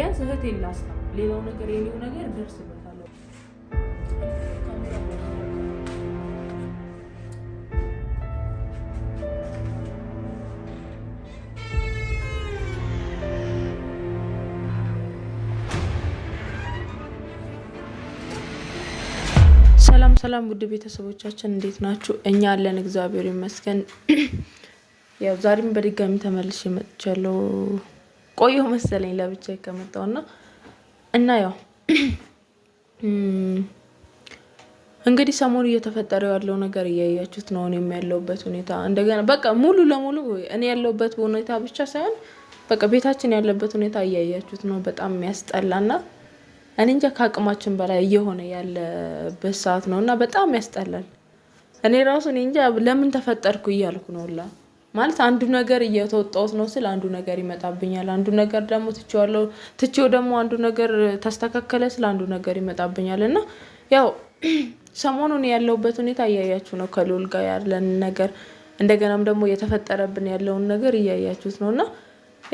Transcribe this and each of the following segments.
ቢያንስ እህት የላስ ሌላው ነገር የኔው ነገር ደርስ ሰላም ሰላም፣ ውድ ቤተሰቦቻችን እንዴት ናችሁ? እኛ አለን እግዚአብሔር ይመስገን። ያው ዛሬም በድጋሚ ተመልሼ መጥቻለሁ። ቆየሁ መሰለኝ ለብቻ ከመጣውና እና ያው እንግዲህ ሰሞኑ እየተፈጠረ ያለው ነገር እያያችሁት ነው። እኔም ያለሁበት ሁኔታ እንደገና በቃ ሙሉ ለሙሉ እኔ ያለውበት ሁኔታ ብቻ ሳይሆን በቃ ቤታችን ያለበት ሁኔታ እያያችሁት ነው። በጣም የሚያስጠላ የሚያስጠላና እኔ እንጃ ከአቅማችን በላይ እየሆነ ያለበት ሰዓት ነው እና በጣም ያስጠላል። እኔ ራሱ እኔ እንጃ ለምን ተፈጠርኩ እያልኩ ነው ሁላ ማለት አንዱ ነገር እየተወጣሁት ነው ስል አንዱ ነገር ይመጣብኛል። አንዱ ነገር ደግሞ ትቼዋለሁ። ትቼው ደግሞ አንዱ ነገር ተስተካከለ ስል አንዱ ነገር ይመጣብኛል እና ያው ሰሞኑን ያለሁበት ሁኔታ እያያችሁ ነው። ከልዑል ጋር ያለን ነገር እንደገናም ደግሞ እየተፈጠረብን ያለውን ነገር እያያችሁት ነው እና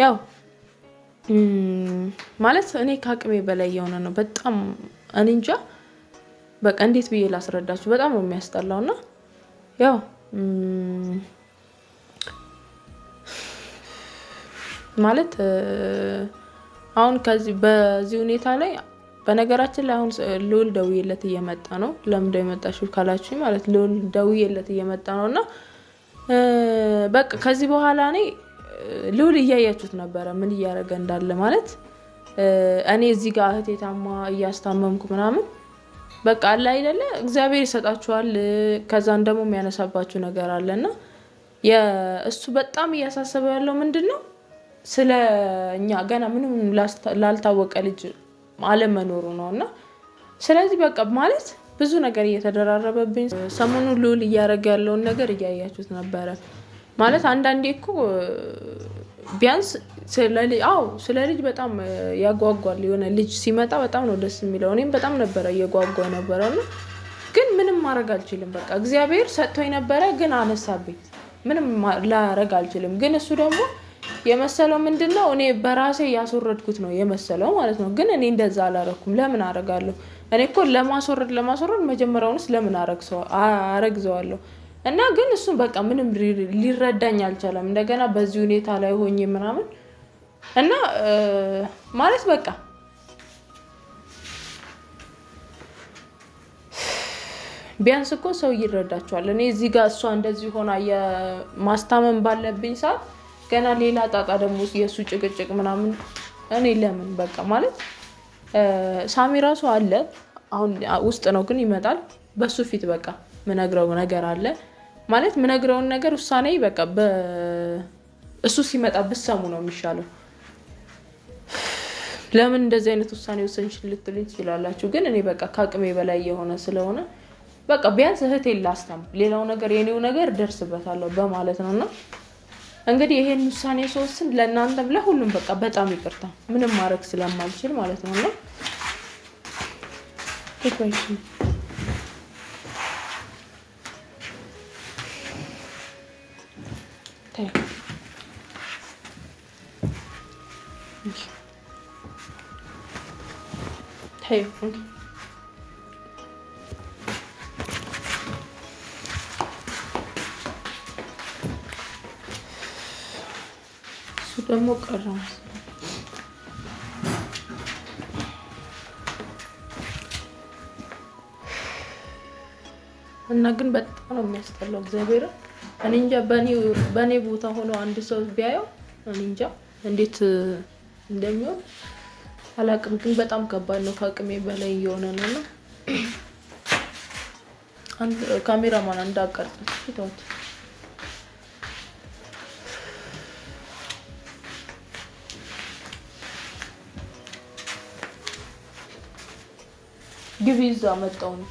ያው ማለት እኔ ከአቅሜ በላይ የሆነ ነው። በጣም እኔ እንጃ በቃ እንዴት ብዬ ላስረዳችሁ። በጣም ነው የሚያስጠላው እና ያው ማለት አሁን ከዚህ በዚህ ሁኔታ ላይ በነገራችን ላይ አሁን ልውል ደውዬለት እየመጣ ነው። ለምንድነው የመጣሽው ካላችሁኝ ማለት ልውል ደውዬለት እየመጣ ነው እና በቃ ከዚህ በኋላ እኔ ልውል እያያችሁት ነበረ ምን እያደረገ እንዳለ ማለት እኔ እዚህ ጋር እህቴ ታማ እያስታመምኩ ምናምን በቃ አለ አይደለ እግዚአብሔር ይሰጣችኋል። ከዛን ደግሞ የሚያነሳባችሁ ነገር እና እሱ በጣም እያሳሰበው ያለው ምንድን ነው ስለ እኛ ገና ምንም ላልታወቀ ልጅ አለመኖሩ ነው እና ስለዚህ በቃ ማለት ብዙ ነገር እየተደራረበብኝ ሰሞኑ ልዑል እያደረገ ያለውን ነገር እያያችሁት ነበረ። ማለት አንዳንዴ እኮ ቢያንስ አዎ ስለ ልጅ በጣም ያጓጓል። የሆነ ልጅ ሲመጣ በጣም ነው ደስ የሚለው። እኔም በጣም ነበረ እየጓጓ ነበረ እና ግን ምንም ማድረግ አልችልም። በቃ እግዚአብሔር ሰጥቶኝ ነበረ፣ ግን አነሳብኝ። ምንም ላረግ አልችልም። ግን እሱ ደግሞ የመሰለው ምንድን ነው እኔ በራሴ እያስወረድኩት ነው የመሰለው ማለት ነው። ግን እኔ እንደዛ አላረኩም። ለምን አረጋለሁ? እኔ እኮ ለማስወረድ ለማስወረድ መጀመሪያውንስ ለምን አረግዘዋለሁ? እና ግን እሱን በቃ ምንም ሊረዳኝ አልቻለም። እንደገና በዚህ ሁኔታ ላይ ሆኜ ምናምን እና ማለት በቃ ቢያንስ እኮ ሰው ይረዳቸዋል። እኔ እዚህ ጋር እሷ እንደዚህ ሆና የማስታመም ባለብኝ ሰዓት ገና ሌላ ጣጣ ደግሞ የእሱ ጭቅጭቅ ምናምን እኔ ለምን በቃ ማለት ሳሚ ራሱ አለ አሁን ውስጥ ነው ግን ይመጣል። በሱ ፊት በቃ ምነግረው ነገር አለ ማለት ምነግረውን ነገር ውሳኔ በቃ እሱ ሲመጣ ብሰሙ ነው የሚሻለው። ለምን እንደዚህ አይነት ውሳኔ ወሰንሽ ልትሉኝ ትችላላችሁ። ግን እኔ በቃ ከአቅሜ በላይ የሆነ ስለሆነ በቃ ቢያንስ እህቴን ላስተም ሌላው ነገር የኔው ነገር ደርስበታለሁ በማለት ነው እና እንግዲህ ይሄን ውሳኔ ሶስትን ለእናንተም ለሁሉም በቃ በጣም ይቅርታ ምንም ማድረግ ስለማልችል ማለት ነው ነው ተይው ደግሞ ቀረ እና ግን በጣም ነው የሚያስጠላው። እግዚአብሔር እኔ እንጃ በእኔ ቦታ ሆኖ አንድ ሰው ቢያየው እኔ እንጃ እንዴት እንደሚሆን አላቅም። ግን በጣም ከባድ ነው፣ ከአቅሜ በላይ እየሆነ ነው። እና ካሜራማን እንዳቀርጥ ፊት ግቢ እዛ መጣሁ ነው።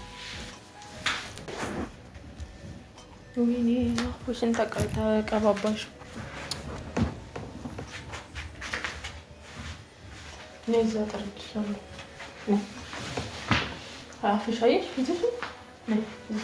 ወይኔ አፍሽን ተቀባባሽ። እኔ እዛ ጠርቻለሁ። ፊትሽ እዛ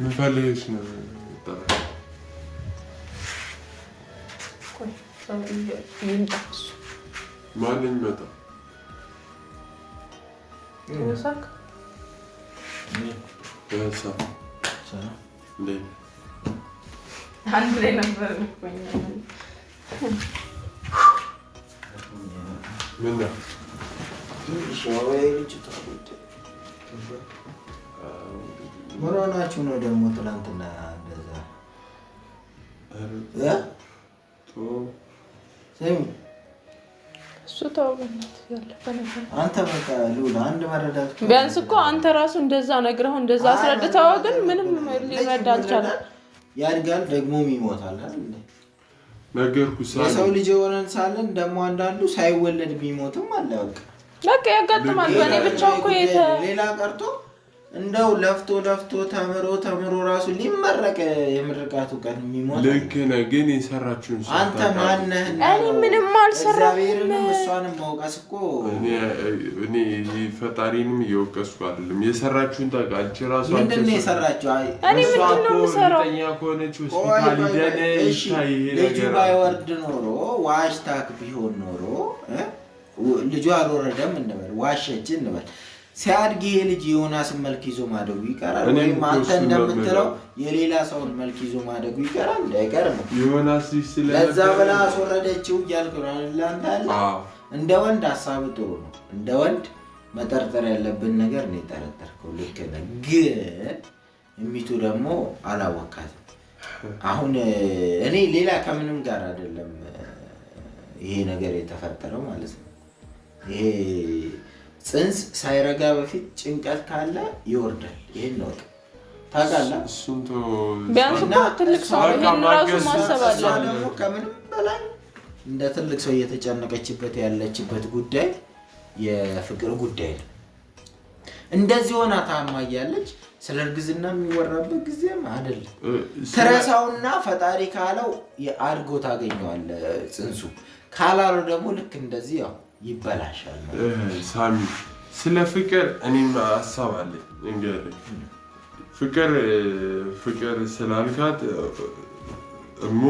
የምፈልግሽ ነው። ማን ይመጣ? አንድ ላይ ነበር። ምን ነው ምን ሆናችሁ ነው ደግሞ? ትናንትና እንደዛ እሱ ተው፣ ያለፈ ነገር። አንተ በቃ ልውል አንድ መረዳት ቢያንስ እኮ አንተ ራሱ እንደዛ ነግረው እንደዛ አስረድተኸው፣ ግን ምንም ሊረዳ አልቻለም። ያድጋል ደግሞም ይሞታል። የሰው ልጅ የሆነን ሳለን ደግሞ አንዳንዱ ሳይወለድ ቢሞትም አለ። በቃ በቃ ያጋጥማል። በእኔ ብቻ እኮ ሌላ ቀርቶ እንደው ለፍቶ ለፍቶ ተምሮ ተምሮ ራሱ ሊመረቅ የምርቃቱ ቀን የሚሞት ልክ ነህ። ግን የሰራችሁን አንተ ማነህ? እኔ ምንም አልሰራሁም። እግዚአብሔርንም እሷንም መውቀስ እኮ እኔ ፈጣሪንም እየወቀስኩ አይደለም። የሰራችሁን ጠቃች ራሱ። ምንድን ነው የሰራችሁ? እኔ ምንድን ነው የምሰራው? ከሆነች ሆስፒታል ደነ ልጁ ባይወርድ ኖሮ ዋሽታክ ቢሆን ኖሮ ልጁ አልወረደም እንበል፣ ዋሸች እንበል ሲያድግ ይሄ ልጅ የዮናስን መልክ ይዞ ማደጉ ይቀራል ወይም አንተ እንደምትለው የሌላ ሰውን መልክ ይዞ ማደጉ ይቀራል። እንዳይቀር ለዛ ብላ አስወረደችው እያልክ ለአንተ አለ። እንደ ወንድ ሀሳብ ጥሩ ነው። እንደ ወንድ መጠርጠር ያለብን ነገር ነው የጠረጠርከው፣ ልክ ነህ። ግን እሚቱ ደግሞ አላወካትም። አሁን እኔ ሌላ ከምንም ጋር አይደለም ይሄ ነገር የተፈጠረው ማለት ነው ይሄ ፅንስ ሳይረጋ በፊት ጭንቀት ካለ ይወርዳል። ይህን ነው ታውቃለህ። ቢያንስ ትልቅ ሰው ማሰብ አለ። ደግሞ ከምንም በላይ እንደ ትልቅ ሰው እየተጨነቀችበት ያለችበት ጉዳይ የፍቅር ጉዳይ ነው። እንደዚህ ሆና ታማ እያለች ስለ እርግዝና የሚወራበት ጊዜም አይደለም። ትረሳውና ፈጣሪ ካለው አድጎ ታገኘዋለህ ጽንሱ ካላሉ ደግሞ ልክ እንደዚህ ያው ይበላሻል። ሳሚ ስለ ፍቅር እኔም ሀሳብ አለኝ። እንግዲህ ፍቅር ፍቅር ስላልካት እሙ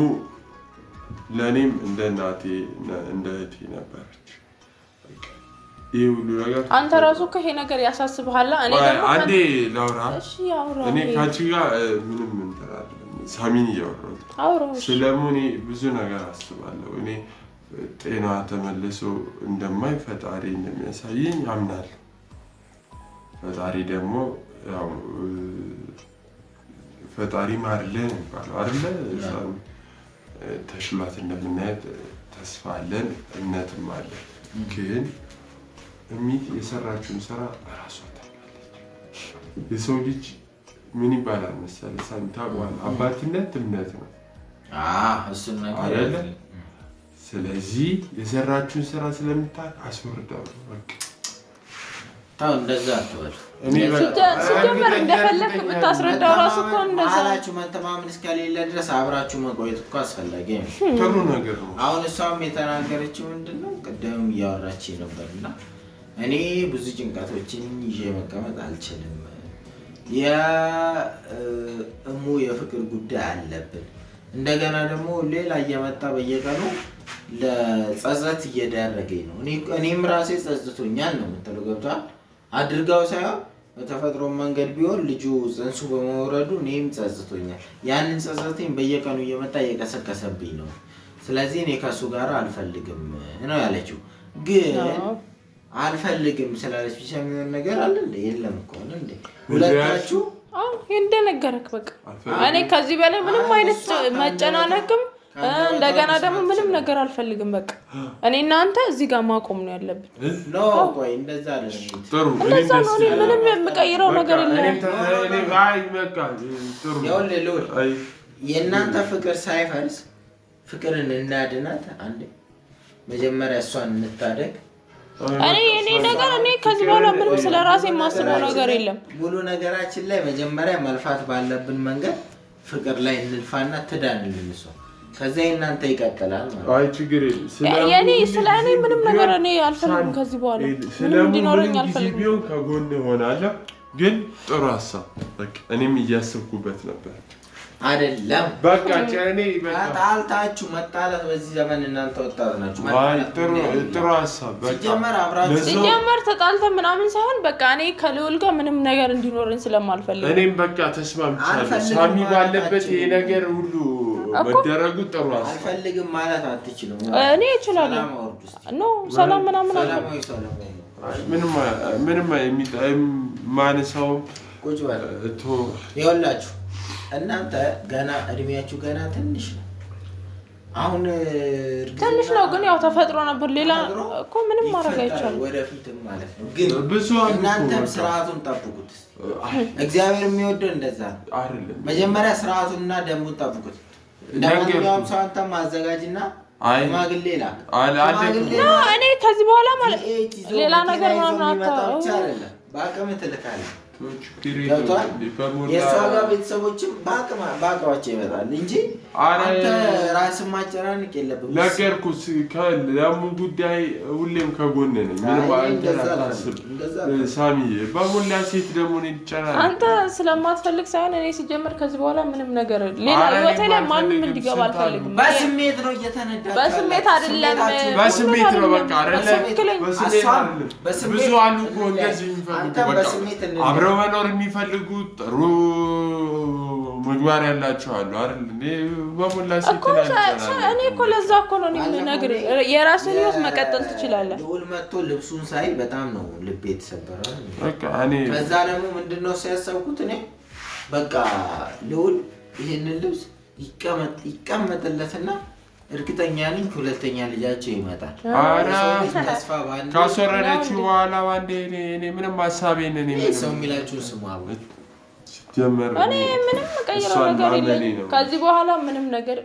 ለእኔም እንደ እናቴ እንደ እህቴ ነበረች። ይህ ሁሉ ነገር አንተ ራሱ ከሄ ነገር ያሳስብሃል። አንዴ ላውራ። እኔ ካንቺ ጋር ምንም እንትን አይደለም። ሳሚን እያወራሁት ስለሙ እኔ ብዙ ነገር አስባለሁ እኔ ጤና ተመልሶ እንደማይ ፈጣሪ እንደሚያሳየኝ ያምናል። ፈጣሪ ደግሞ ፈጣሪ ማርለ የሚባለው ተሽሏት እንደምናየት ተስፋ አለን፣ እምነትም አለ። ግን እሚት የሰራችውን ስራ ራሷ ታውቃለች። የሰው ልጅ ምን ይባላል መሰለህ? ሳንታ አባትነት እምነት ነው አይደለ? ስለዚህ የሰራችሁን ስራ ስለምታውቅ አስወርደው እንደዛ አትበል። ሲጀመር እንደፈለግ የምታስረዳው ራሱ እኮ እንደዛ አላችሁ። መተማመን እስከሌለ ድረስ አብራችሁ መቆየት እኮ አስፈላጊ ነው፣ ጥሩ ነገር ነው። አሁን እሷም የተናገረችው ምንድን ነው? ቅድም እያወራች ነበር እና እኔ ብዙ ጭንቀቶችን ይዤ መቀመጥ አልችልም፣ የእሙ የፍቅር ጉዳይ አለብን። እንደገና ደግሞ ሌላ እየመጣ በየቀኑ ለጸጸት እየዳረገኝ ነው። እኔም ራሴ ጸጽቶኛል ነው የምትለው። ገብቷል። አድርጋው ሳይሆን በተፈጥሮ መንገድ ቢሆን ልጁ ጽንሱ በመውረዱ እኔም ጸጽቶኛል። ያንን ጸጸቴን በየቀኑ እየመጣ እየቀሰቀሰብኝ ነው። ስለዚህ እኔ ከእሱ ጋር አልፈልግም ነው ያለችው። ግን አልፈልግም ስላለች ብቻ የሚሆን ነገር አለ እንደ የለም እኮ እንደ ሁለታችሁ እንደነገረክ በቃ እኔ ከዚህ በላይ ምንም አይነት መጨናነቅም እንደገና ደግሞ ምንም ነገር አልፈልግም። በቃ እኔ እናንተ እዚህ ጋር ማቆም ነው ያለብን። እንደዛ ምንም የምቀይረው ነገር የለም። የእናንተ ፍቅር ሳይፈልስ ፍቅርን እናድናት። አንዴ መጀመሪያ እሷን እንታደግ። እኔ እኔ ነገር እኔ ከዚህ በኋላ ምንም ስለ ራሴ የማስበው ነገር የለም። ሙሉ ነገራችን ላይ መጀመሪያ መልፋት ባለብን መንገድ ፍቅር ላይ እንልፋና ትዳን እሷ ከዛ እናንተ ይቀጥላል ችግር የኔ ስለ እኔ ምንም ነገር እኔ አልፈልግም። ከዚህ በኋላ ምንም እንዲኖረኝ አልፈልግም። ከጎን እሆናለሁ። ግን ጥሩ ሀሳብ እኔም እያስብኩበት ነበር። አይደለም በቃ ጨኔ ጣልታችሁ መጣላት በዚህ ዘመን እናንተ ወጣት ናችሁ። ጥሩ ሀሳብ ሲጀመር ተጣልተን ምናምን ሳይሆን በቃ እኔ ከልዑል ጋር ምንም ነገር እንዲኖረን ስለማልፈልግ እኔም በቃ ተስማምቻለሁ። ሳሚ ባለበት ይሄ ነገር ሁሉ መደረጉ ጥሩ አልፈልግም ማለት አትችልም። እኔ እችላለሁ። ሰላም ምናምን አለ ምንም ይኸውላችሁ፣ እናንተ ገና እድሜያችሁ ገና ትንሽ ነው። አሁን ትንሽ ነው ግን ያው ተፈጥሮ ነበር። ሌላ እኮ ምንም ማድረግ አይቻልም። ወደፊትም ማለት ነው ግን እናንተም ስርዓቱን ጠብቁት። እግዚአብሔር የሚወደው እንደዛ ነው። መጀመሪያ ስርዓቱንና ደንቡን ጠብቁት። ለማንኛውም ሰው አንተም አዘጋጅና እኔ ከዚህ በኋላ ማለት ሌላ ነገር ምናምን አታውቅም። በአቅም ትልካለህ የእሷ ጋር ቤተሰቦችም በአቅማቸው ይመጣል እንጂ አንተ ራስን ማጨናነቅ የለብህም። ነገርኩህ። ለሙ ጉዳይ ሁሌም ከጎን ነኝ። ሳሚ። በሞላ ሴት ደግሞ ይጨናል። አንተ ስለማትፈልግ ሳይሆን እኔ ሲጀምር ከዚህ በኋላ ምንም ነገር ሌላ ህይወቴ ላይ ማንም እንዲገባ አልፈልግም። በስሜት ነው እየተነዳ በስሜት አይደለም፣ በስሜት ነው በቃ። ብዙ አሉ እኮ እንደዚህ የሚፈልጉ በቃ አብረው አብረው መኖር የሚፈልጉ ጥሩ ምግባር ያላቸው አሉ አይደል? እኔ በሙላ እኔ እኮ ለዛ እኮ ነው የምነግርህ፣ የራስን ህይወት መቀጠል ትችላለህ። ልዑል መጥቶ ልብሱን ሳይ በጣም ነው ልቤ የተሰበረ። ከዛ ደግሞ ምንድነው ሲያሰብኩት እኔ በቃ ልውል ይህንን ልብስ ይቀመጥለትና እርግጠኛ ነኝ ሁለተኛ ልጃቸው ይመጣል። ኧረ ካስወረደችው በኋላ ባንዴ እኔ ምንም ሀሳቤን እኔ ሰው የሚላችሁን ስሙ። እኔ ምንም ቀይረው ነገር የለኝ። ከዚህ በኋላ ምንም ነገር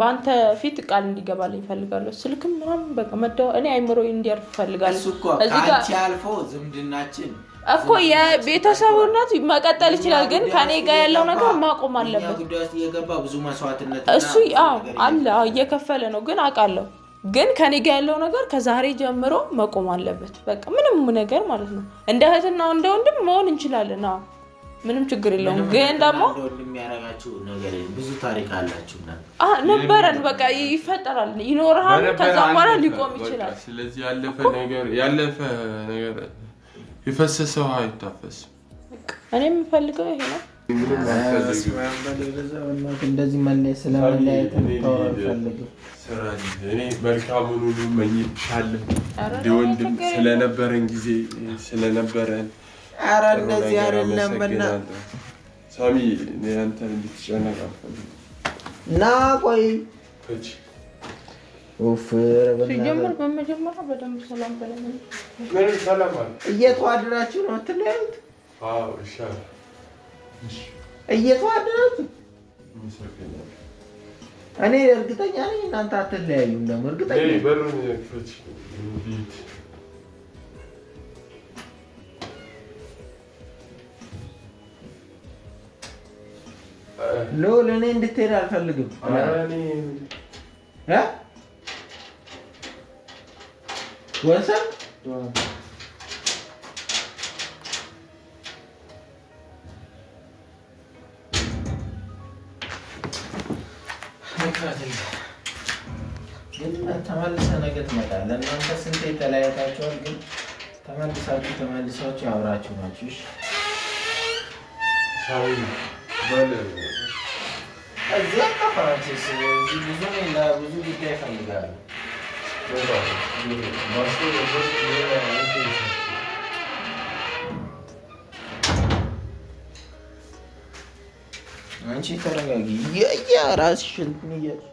በአንተ ፊት ቃል እንዲገባልኝ እፈልጋለሁ። ስልክም ምናምን በቃ መደወል እኔ አይምሮ እንዲያርፍ እፈልጋለሁ። እዚህ ጋር አልፎ ዝምድናችን እኮ የቤተሰቡ እናት መቀጠል ይችላል፣ ግን ከኔ ጋር ያለው ነገር ማቆም አለበት። እሱ አለ እየከፈለ ነው፣ ግን አውቃለሁ። ግን ከኔ ጋር ያለው ነገር ከዛሬ ጀምሮ መቆም አለበት። በቃ ምንም ነገር ማለት ነው። እንደ እህትና እንደ ወንድም መሆን እንችላለን። ምንም ችግር የለውም። ግን ደግሞ ብዙ ታሪክ አላችሁ ነበረን። በቃ ይፈጠራል፣ ይኖርሃል። ከዛ በኋላ ሊቆም ይችላል። ስለዚህ ያለፈ ነገር ያለፈ ነገር የፈሰሰ ውሃ ይታፈስ። እኔ የምፈልገው ይሄ ነው። እንደዚህ መለየት ስለመለያየት እኔ መልካሙን ሁሉ እንደ ወንድም ስለነበረን ጊዜ ስለነበረን ኧረ እንደዚህ አይደለም። በእናትህ ሳሚ፣ አንተን እንድትጨነቅ አልፈልግም እና ቆይ ሲጀምር በመጀመሪያ በደንብ ሰላም እየተዋደዳችሁ ነው የምትለያዩት? እየተዋደዳችሁ እኔ እርግጠኛ ነኝ እናንተ አትለያዩም። ደግሞ እርግጠኛ ሎል እኔ እንድትሄድ አልፈልግም። What is that? Doğan. ግን ተመልሰህ ነገ ትመጣለህ። እናንተ ስንት የተለያየታችኋል? ግን ተመልሳችሁ ተመልሳችሁ አብራችሁ ናችሁ። እዚህ ብዙ ጉዳይ ይፈልጋሉ። Машина просто не አንቺ ተረጋጊ። ያ ራስሽን ንያሽ